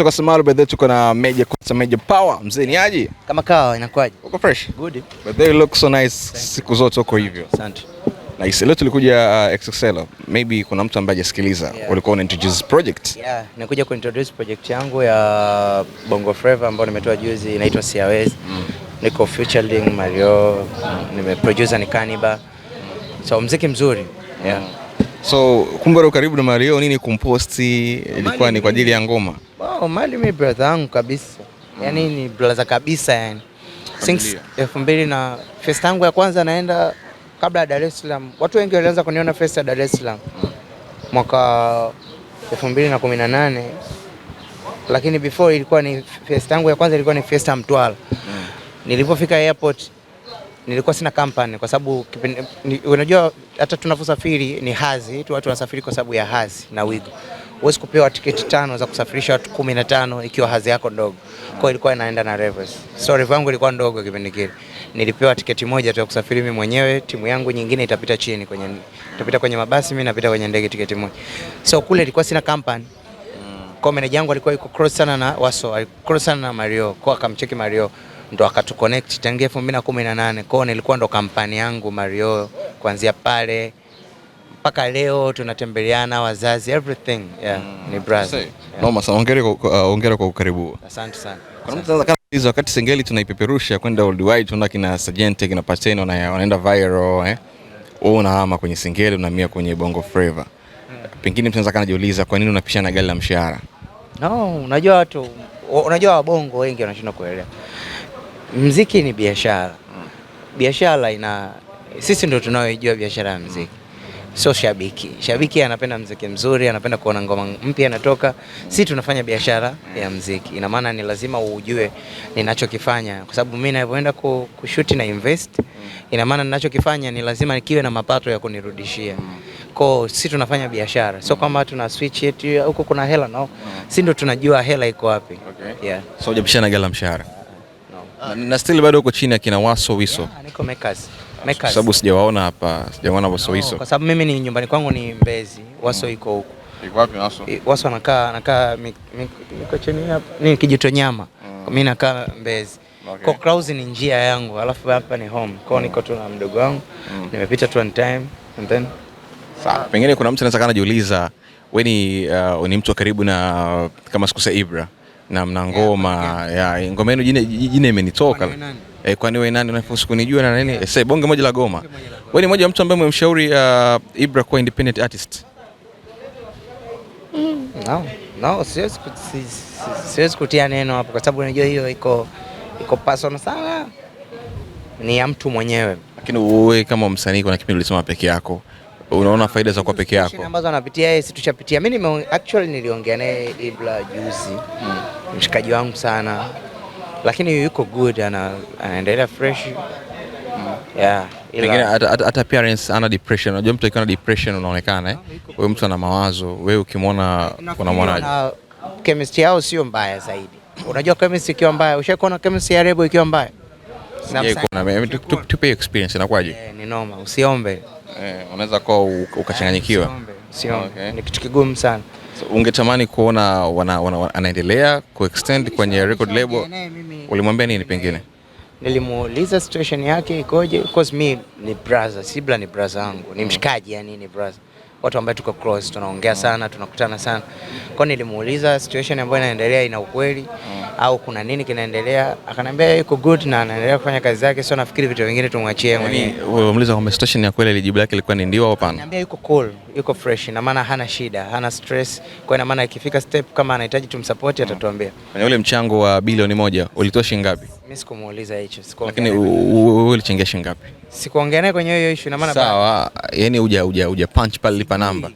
Kwa Samaru by the tuko na major kwanza major power. Mzee ni aje? Kama kawa inakuwaje? Uko fresh? Good. But they look so nice siku zote uko hivyo. Asante. Nice. Leo tulikuja uh, XXL. Maybe kuna mtu ambaye hajasikiliza. Yeah. Ulikuwa una introduce project? Yeah, nakuja ku introduce project yangu ya Bongo Flava ambayo nimetoa juzi inaitwa Siawezi. Mm. Niko featuring Mario, Nime producer ni Kaniba. So mziki mzuri. Yeah. Mm. So kumbe karibu na Mario nini kumposti ilikuwa ni kwa ajili ya ngoma? Wow, Mali mi brother yangu kabisa yaani mm. ni brother kabisa yani. Since elfu mbili na festa yangu ya kwanza naenda kabla ya Dar es Salaam. Watu wengi walianza kuniona festa ya Dar es Salaam mwaka elfu mbili na kumi nane lakini before ilikuwa ni festa yangu ya kwanza ilikuwa ni festa Mtwara mm. Nilipofika airport nilikuwa sina company kwa sababu unajua hata tunavyosafiri ni hazi tu, watu wanasafiri kwa sababu ya hazi na wigo huwezi kupewa tiketi tano za kusafirisha watu kumi na tano ikiwa hadhi yako ndogo. Kwa hiyo ilikuwa inaenda na reverse. So rev yangu ilikuwa ndogo kipindi kile, nilipewa tiketi moja tu ya kusafiri mimi mwenyewe, timu yangu nyingine itapita chini kwenye, itapita kwenye mabasi, mimi napita kwenye ndege, tiketi moja. So kule ilikuwa sina company. kwa meneja yangu alikuwa yuko cross sana na Waso, cross sana na Mario. Kwa akamcheki Mario ndo akatuconnect tangia 2018. Kwa nilikuwa ndo company yangu Mario kuanzia pale mpaka leo tunatembeleana wazazi everything yeah, mm, ni brother yeah. Noma sana, hongera kwa uh, hongera kwa ukaribu. Asante sana. Kuna mtu sasa hizo wakati singeli tunaipeperusha kwenda world wide, tunaona kina Sergeant kina Pateni wanaenda viral eh. Wewe unahama kwenye singeli unamia kwenye Bongo Flava. Mm. Pengine mtu anaweza kanajiuliza kwa nini unapishana gari la mshahara? No, unajua watu unajua wabongo wengi wanashindwa kuelewa. Mziki ni biashara. Mm. Biashara ina sisi ndio tunaoijua biashara ya mziki sio shabiki. Shabiki anapenda mziki mzuri, anapenda kuona ngoma mpya inatoka. Si tunafanya biashara ya mziki, ina maana ni lazima ujue ninachokifanya, kwa sababu mimi ninapoenda kushoot na invest, ina maana ninachokifanya ni lazima nikiwe na mapato ya kunirudishia. Kwa si tunafanya biashara, sio kama tuna switch eti huko kuna hela nao, si ndo tunajua hela iko wapi. Okay. Yeah. So hujapishana gala mshahara no. Na still bado uko chini akina waso wiso. Yeah, niko mekazi Makers. Kwa sababu sijawaona hapa, sijawaona Waso hizo. No, kwa sababu mimi ni nyumbani kwangu ni Mbezi, Waso iko mm. huko. Iko wapi Waso? Waso anakaa anakaa niko chini hapa. Ni Kijitonyama. Mm. Mimi nakaa Mbezi. Okay. Kwa Clouds ni njia yangu, alafu hapa ni home. Kwa mm. niko tu na mdogo wangu. Mm. Nimepita tu one time and then Sawa. Pengine kuna mtu anaweza kana jiuliza wewe ni uh, ni mtu wa karibu na kama sikuse Ibra na mna ngoma yeah, yeah. ya ngoma yenu jina imenitoka eh, kwani wewe nani unafusu kunijua na nini? yeah. Sasa bonge moja la goma. Wewe ni mmoja wa mtu ambaye umemshauri uh, Ibra kwa independent artist? Mm, no, no, siwezi siwezi kutia neno hapo kwa sababu unajua hiyo iko iko personal sana. Ni ya mtu mwenyewe. Lakini wewe kama msanii kuna kipindi ulisema peke yako. Unaona faida za kuwa peke yako ambazo anapitia yeye, si tushapitia. Mimi actually niliongea naye Ibra juzi, mm. mshikaji wangu sana lakini yuko good, ana, anaendelea fresh Yeah, pengine hata appearance ana depression. Unajua mtu akiwa na depression unaonekana eh, wewe mtu ana mawazo, wewe ukimwona unamwonaje? Chemistry yao sio mbaya zaidi. Unajua chemistry ikiwa mbaya, ushakuona chemistry ya Rebo ikiwa mbaya? Tupe experience inakwaje? Eh, ni noma, usiombe. Eh, unaweza kuwa ukachanganyikiwa. Ni kitu kigumu sana ungetamani kuona wana, wana, wana, anaendelea kuextend kwenye record label. Ulimwambia nini pengine? Nilimuuliza situation yake ikoje, because mi ni brother, Sibla ni brother wangu ni mm. mshikaji yani, ni brother watu ambao tuko close, tunaongea mm. sana, tunakutana sana. Kwa nilimuuliza situation ambayo inaendelea ina ukweli mm. au kuna nini kinaendelea, akaniambia yuko good na anaendelea kufanya kazi zake, so nafikiri vitu vingine tumwachie yaani, mwenyewe. Wewe ulimuuliza kwamba situation ya kweli, ilijibu lake ilikuwa ni ndio au hapana? Anambia yuko cool, yuko fresh, na maana hana shida, hana stress. Kwa ina maana ikifika step kama anahitaji tumsupport, mm. atatuambia. Kwenye ule mchango wa bilioni moja ulitoa shilingi ngapi? Mimi sikumuuliza hicho. Lakini wewe ulichangia shilingi ngapi? Sikuongea naye kwenye hiyo issue na maana sawa, yani uja uja uja punch pale lipa namba.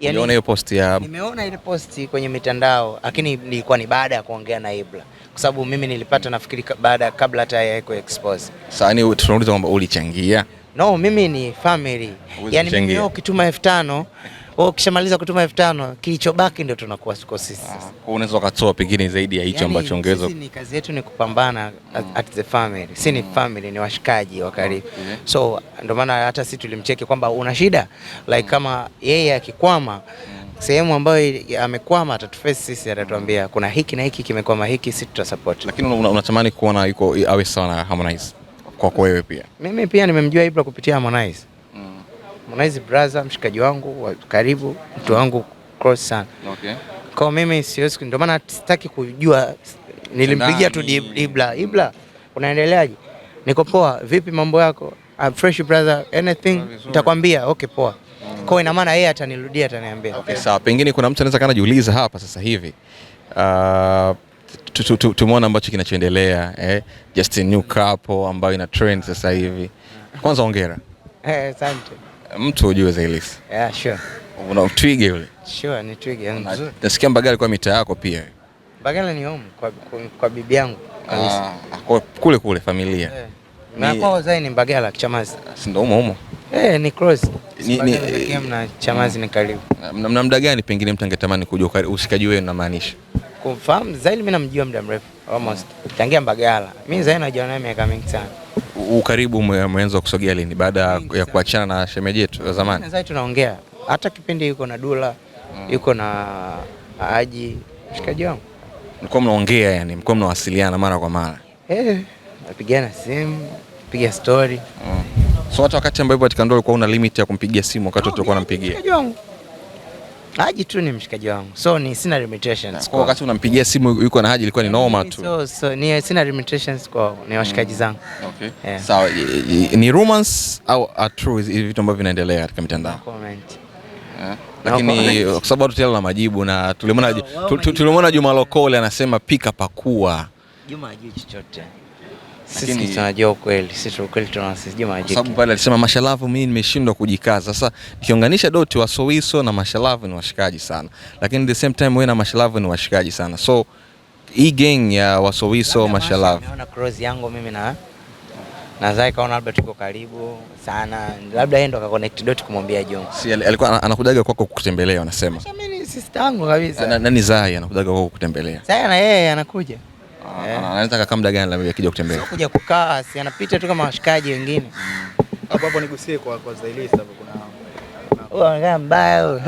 Yani, uliona hiyo post ya nimeona ile post kwenye mitandao lakini nilikuwa ni baada ya kuongea na Ibra. Kwa sababu mimi nilipata nafikiri baada kabla hata yeye ku expose. Sasa ni yaani tunauliza kwamba ulichangia? No, mimi ni family. Yani mimi ukituma elfu tano wewe ukishamaliza kutuma elfu tano kilichobaki ndio tunakuwa siko sisi. Ah, kwa Unaweza ukatoa pengine zaidi ya hicho yani, ambacho Sisi Ni kazi yetu ni kupambana at, mm. at the family. Si ni mm. family ni washikaji wa karibu. Okay. So ndio maana hata sisi tulimcheki kwamba una shida like mm. kama yeye akikwama mm. sehemu ambayo amekwama atatuface sisi, atatuambia kuna hiki na hiki kimekwama, hiki si tutasupport. Lakini unatamani una kuona yuko awe sana Harmonize kwako wewe pia? Mimi pia nimemjua Ibra kupitia Harmonize. Harmonize brother, mshikaji wangu wa karibu, mtu wangu close sana. Okay. Kwa mimi siwezi, ndio maana sitaki kujua. Nilimpigia tu Ibla, Ibla, unaendeleaje? Niko poa, vipi mambo yako? I'm fresh brother, anything nitakwambia. Okay, poa. Mm. Kwa ina maana yeye atanirudia, ataniambia. Okay, okay. sawa. Pengine kuna mtu anaweza kana jiuliza hapa sasa hivi uh, tumeona ambacho kinachoendelea eh? Just a new couple ambayo ina trend sasa hivi. Kwanza ongera. Eh, asante. Mtu ujue Zaiylissa. Yeah, sure. Una twiga yule. Sure, ni twiga mzuri. Nasikia Mbagala alikuwa mitaa yako pia. Mbagala ni home kwa, kwa, kwa bibi yangu kabisa. Ah, kule kule familia. Yeah. Na kwa wazazi ni Mbagala Chamazi. Si ndio humo humo. Eh, ni cross. Ni ni na Chamazi ni karibu. Mna muda gani pengine mtu angetamani kujua usikaji wewe unamaanisha? Kumfahamu Zaili mimi namjua muda mrefu almost. Tangia Mbagala. Mimi Zaili najua naye miaka mingi sana ukaribu umeanza kusogea lini baada ya kuachana na shemeji yetu wa zamani? Sasa tunaongea hata kipindi yuko na Dula mm. yuko na Haji mshikaji mm. wangu, mlikuwa mnaongea yani, mlikuwa mnawasiliana mara kwa mara eh, napigana simu, piga story mm. so hata wakati ambapo katika ndoa ulikuwa una limit ya kumpigia simu wakati ah, tulikuwa nampigia mshikaji wangu Haji tu ni mshikaji wangu, so ni sina limitations. Kwa wakati unampigia simu yuko na Haji ilikuwa ni noma tu. So, so ni sina limitations kwa ni washikaji mm. zangu. Okay. Sawa, so, ni rumors au are true hivi vitu ambavyo vinaendelea katika mitandao? Comment. Yeah. Lakini kwa sababu tutaelewa na majibu na tulimwona tulimwona Juma Lokole anasema pika pakua. Juma hajui chochote. Sisi tunajua ukweli, sisi ukweli tunasijua majibu. Sababu pale alisema Mashalavu, mimi nimeshindwa kujikaza. Sasa nikiunganisha doti wa Sowiso na Mashalavu ni washikaji sana, lakini the same time wewe na Mashalavu ni washikaji sana, so hii gang ya Wasowiso Mashalavu cross yangu mimi na nadhani kaona labda tuko karibu sana, labda yeye ndo ka connect dot kumwambia Jongo. Si alikuwa anakudaga kwako kukutembelea, anasema mimi ni sister yangu kabisa. Nani Zai anakudaga kwako kukutembelea? Zai na yeye anakuja Eh. Ah, ah, anataka kama muda gani akija kutembea? Sio Kuja kukaa, si anapita tu kama washikaji wengine. Hapo mm. hapo nigusie kwa kwa Zailisa hapo kuna Unaongea mbaya.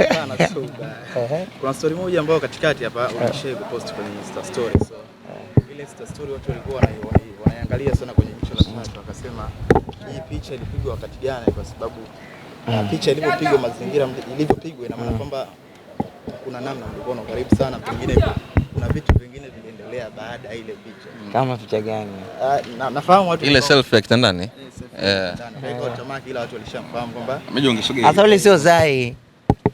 Kuna story moja ambayo katikati hapa eh. unashare kupost kwenye Insta story. So eh. ile Insta story watu walikuwa wanaiangalia sana kwenye jicho la tatu, wakasema hii picha ilipigwa wakati gani? Kwa sababu mm. ah, picha ilivyopigwa, mazingira ilivyopigwa, ina maana mm. kwamba kuna namna mlikuwa na karibu sana pengine kuna vitu vingine viliendelea baada ya ile picha. Mm. Kama picha gani? Ah, na, Nafahamu watu ile selfie ya kitandani. Eh, eh. Kwa tamaa Ila watu walishamfahamu kwamba mimi hata ile sio zai.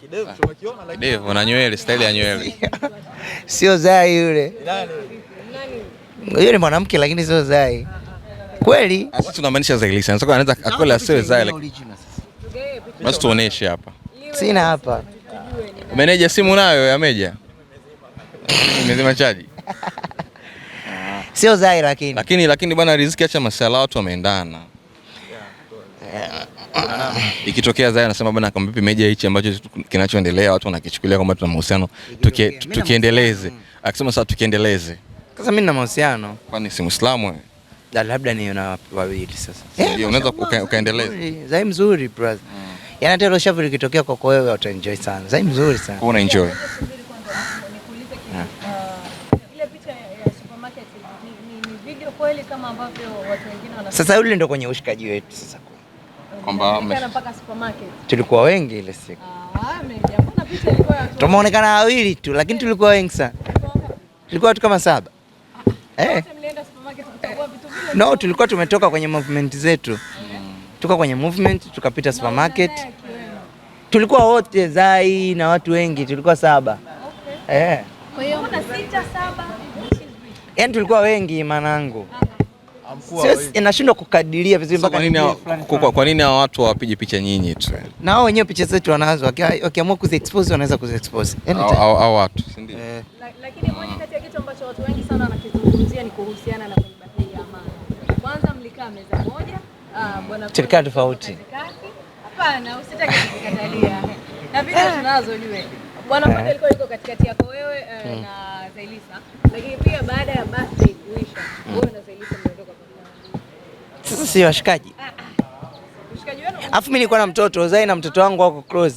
Kidevu tumekiona lakini kidevu na nywele, style ya nywele. Sio zai yule. Nani? Yule mwanamke lakini sio zai. Kweli? Ah, sisi tunamaanisha zai lisa. Sasa anaweza akole sio zai lakini. Basi tuoneshe hapa. Sina hapa. Meneja simu nayo ya Meja. Nimezima chaji. Sio zai lakini. Lakini lakini bwana Riziki acha masala watu wameendana. Ikitokea Zai anasema bwana kama vipi meja hichi ambacho kinachoendelea watu wanakichukulia kwamba tuna mahusiano tukiendeleze. Akisema sasa tukiendeleze. Sasa mimi na mahusiano. Kwani si Muislamu wewe? Da, Labda ni na wawili sasa. Ndio eh, unaweza ukaendeleza. Zai mzuri brother. Mm. Yaani hata ile shauri ikitokea kwa wewe utaenjoy sana. Zai mzuri sana. Una enjoy. kama ambavyo watu wengine wanasema. Sasa yule ndio kwenye ushikaji wetu sasa kwamba tulikuwa wengi ile siku ah, tumeonekana wawili tu, lakini eh. tulikuwa wengi sana, tulikuwa watu kama saba. Ah, eh, no, tulikuwa tumetoka kwenye movement zetu, mm. tuka kwenye movement tukapita supermarket, tulikuwa wote Zai na watu wengi, tulikuwa saba. okay. Eh, Kwa hiyo, yaani tulikuwa wengi manangu. ah inashindwa kukadiria vizuri mpaka nini. Kwa nini hao watu hawapigi picha nyinyi tu? Na hao wenyewe picha zetu wanazo, wakiamua expose wanaweza kuziexpose yaani hao watu, si ndio? Eh. Lakini moja kati ya kitu ambacho watu wengi sana wanakizungumzia ni kuhusiana na ya amani. Kwanza mlikaa meza moja, ah, bwana serikali tofauti. Hapana, usitake kukatalia. Na vile tunazo ujue. Bwana Fadel eh. alikuwa yuko katikati yako wewe eh, hmm. na Zailisa. Lakini pia baada ya birthday kuisha, hmm. wewe na sasa si washikaji. Alafu mimi nilikuwa na mtoto Zai na mtoto wangu wako close.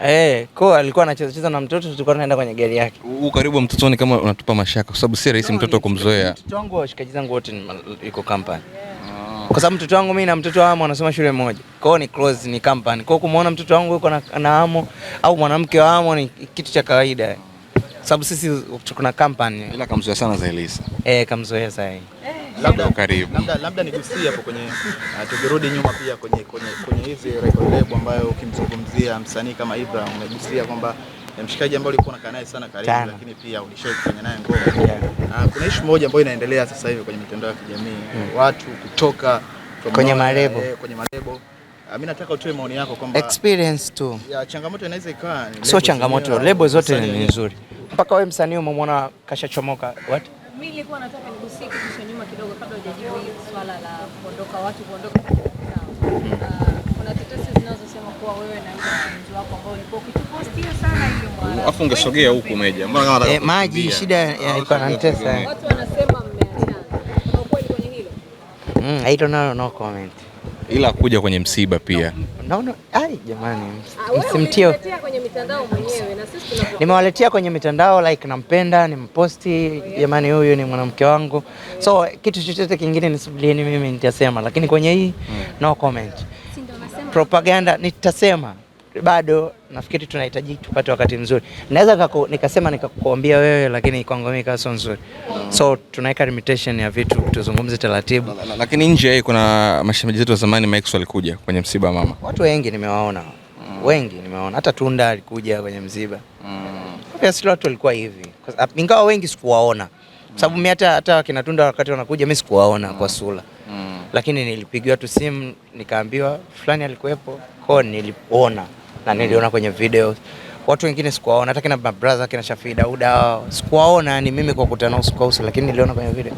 Okay. Eh, kwa alikuwa anacheza cheza na mtoto, tulikuwa tunaenda kwenye gari yake. Ukaribu wa mtotoni kama unatupa mashaka kwa sababu si rahisi mtoto kumzoea. Mtoto wangu washikaji zangu wote ni iko company. Kwa sababu mtoto wangu mimi na mtoto wa Amo anasoma shule moja. Kwa hiyo ni close, ni company. Kwa hiyo kumuona mtoto wangu yuko na, na Amo au mwanamke wa Amo ni kitu cha kawaida. Sababu sisi tuko na company. Ila kamzoea sana Zailisa. Eh, kamzoea sasa. Zailisa. Eh labda karibu, labda labda nigusie hapo kwenye uh, tukirudi nyuma pia kwenye kwenye kwenye hizi record label ambayo ukimzungumzia msanii kama Ibra umegusia kwamba mshikaji ambaye ulikuwa unakaa naye sana karibu, lakini pia ulishai kufanya naye ngoma yeah. Uh, kuna issue moja ambayo inaendelea sasa hivi kwenye mitandao ya kijamii hmm. watu kutoka kwenye malebo eh, ah, kwenye malebo mimi nataka utoe maoni yako kwamba experience tu ya changamoto inaweza ikawa sio changamoto, lebo zote ni nzuri, mpaka wewe msanii umemwona kashachomoka what mimi nilikuwa nataka nigusie kitu cha nyuma kidogo kabla hujajibu hili swala la kuondoka watu kuondoka mm-hmm. ah, Afu ungesogea huku Meja, eh, maji shida ilikuwa inanitesa. Watu wanasema mmeachana. kwenye hilo? Mm, I don't know, no comment ila kuja kwenye msiba pia no, no, ai jamani, ah, msimtie kwenye mitandao nimewaletea kwenye mitandao like, nampenda nimposti, jamani, huyu ni mwanamke wangu, so kitu chochote kingine nisubilieni mimi nitasema, lakini kwenye hii mm. no comment propaganda nitasema bado nafikiri tunahitaji tupate wakati mzuri. Naweza nikasema nikakuambia wewe, lakini kwangu mimi kaso nzuri, so tunaweka limitation ya vitu, tuzungumze taratibu. Lakini nje hii kuna mashemeji zetu wa zamani, Mike alikuja kwenye msiba wa mama, watu wengi nimewaona, mm. wengi nimewaona, hata Tunda alikuja kwenye msiba mm. watu walikuwa hivi, ingawa wengi sikuwaona kwa sababu mimi hata hata wakina Tunda wakati wanakuja mimi sikuwaona mm. kwa sura mm. lakini nilipigiwa tu simu nikaambiwa fulani alikuwepo, kwa niliona na niliona kwenye video. Watu wengine sikuwaona hata kina brother kina Shafi Dauda sikuwaona, ni mimi kwa kukutana nao uso kwa uso, lakini niliona kwenye video.